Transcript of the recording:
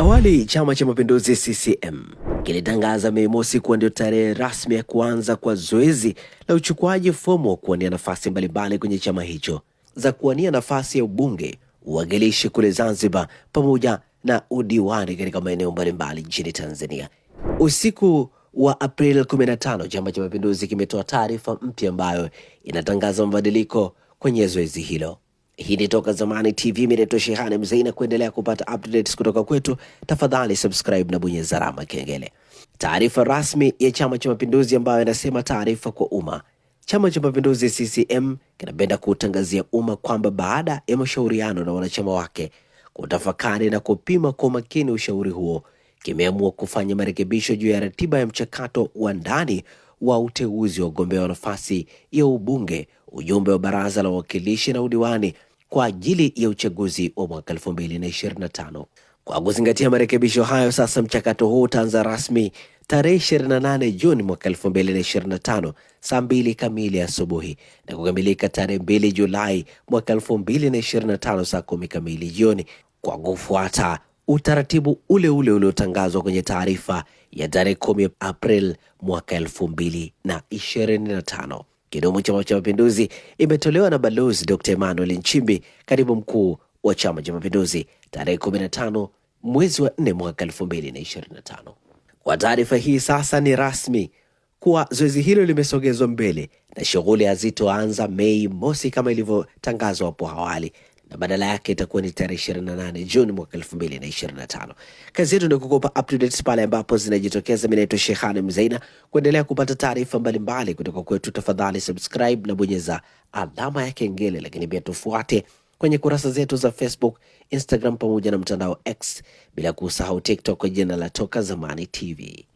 Awali Chama cha Mapinduzi CCM kilitangaza Mei Mosi kuwa ndio tarehe rasmi ya kuanza kwa zoezi la uchukuaji fomu wa kuwania nafasi mbalimbali kwenye chama hicho za kuwania nafasi ya ubunge, uwakilishi kule Zanzibar pamoja na udiwani katika maeneo mbalimbali nchini Tanzania. Usiku wa Aprili 15 Chama cha Mapinduzi kimetoa taarifa mpya ambayo inatangaza mabadiliko kwenye zoezi hilo. Hii ni Toka Zamani TV, mineto Shehani Mzee, na kuendelea kupata updates kutoka kwetu, tafadhali subscribe na bonyeza alama kengele. Taarifa rasmi ya Chama cha Mapinduzi ambayo inasema taarifa kwa umma. Chama cha Mapinduzi CCM kinapenda kuutangazia umma kwamba baada ya mashauriano na wanachama wake kutafakari na kupima kwa makini ushauri huo, kimeamua kufanya marekebisho juu ya ratiba ya mchakato wa ndani wa uteuzi wa ugombea wa nafasi ya ubunge, ujumbe wa baraza la wawakilishi na udiwani kwa ajili ya uchaguzi wa mwaka 2025. Kwa kuzingatia marekebisho hayo, sasa mchakato huu utaanza rasmi tarehe 28 Juni mwaka 2025 saa 2 kamili asubuhi na kukamilika tarehe 2 Julai mwaka 2025 saa 10 kamili jioni kwa kufuata utaratibu ule ule uliotangazwa kwenye taarifa ya tarehe 10 April mwaka 2025. Kidumu Chama cha Mapinduzi imetolewa na Balozi Dr. Emmanuel Nchimbi, katibu mkuu wa Chama cha Mapinduzi, tarehe 15 mwezi wa 4 mwaka 2025. Kwa taarifa hii sasa ni rasmi kuwa zoezi hilo limesogezwa mbele na shughuli hazitoanza Mei mosi kama ilivyotangazwa hapo awali, na badala yake itakuwa ni tarehe 28 Juni mwaka 2025. Kazi yetu ni kukupa up pale ambapo zinajitokeza. Mimi naitwa Sheikhani Mzaina. Kuendelea kupata taarifa mbalimbali kutoka kwetu, tafadhali subscribe na bonyeza alama ya kengele, lakini pia tufuate kwenye kurasa zetu za Facebook, Instagram pamoja na mtandao X, bila kusahau TikTok kwa jina la Toka Zamani TV.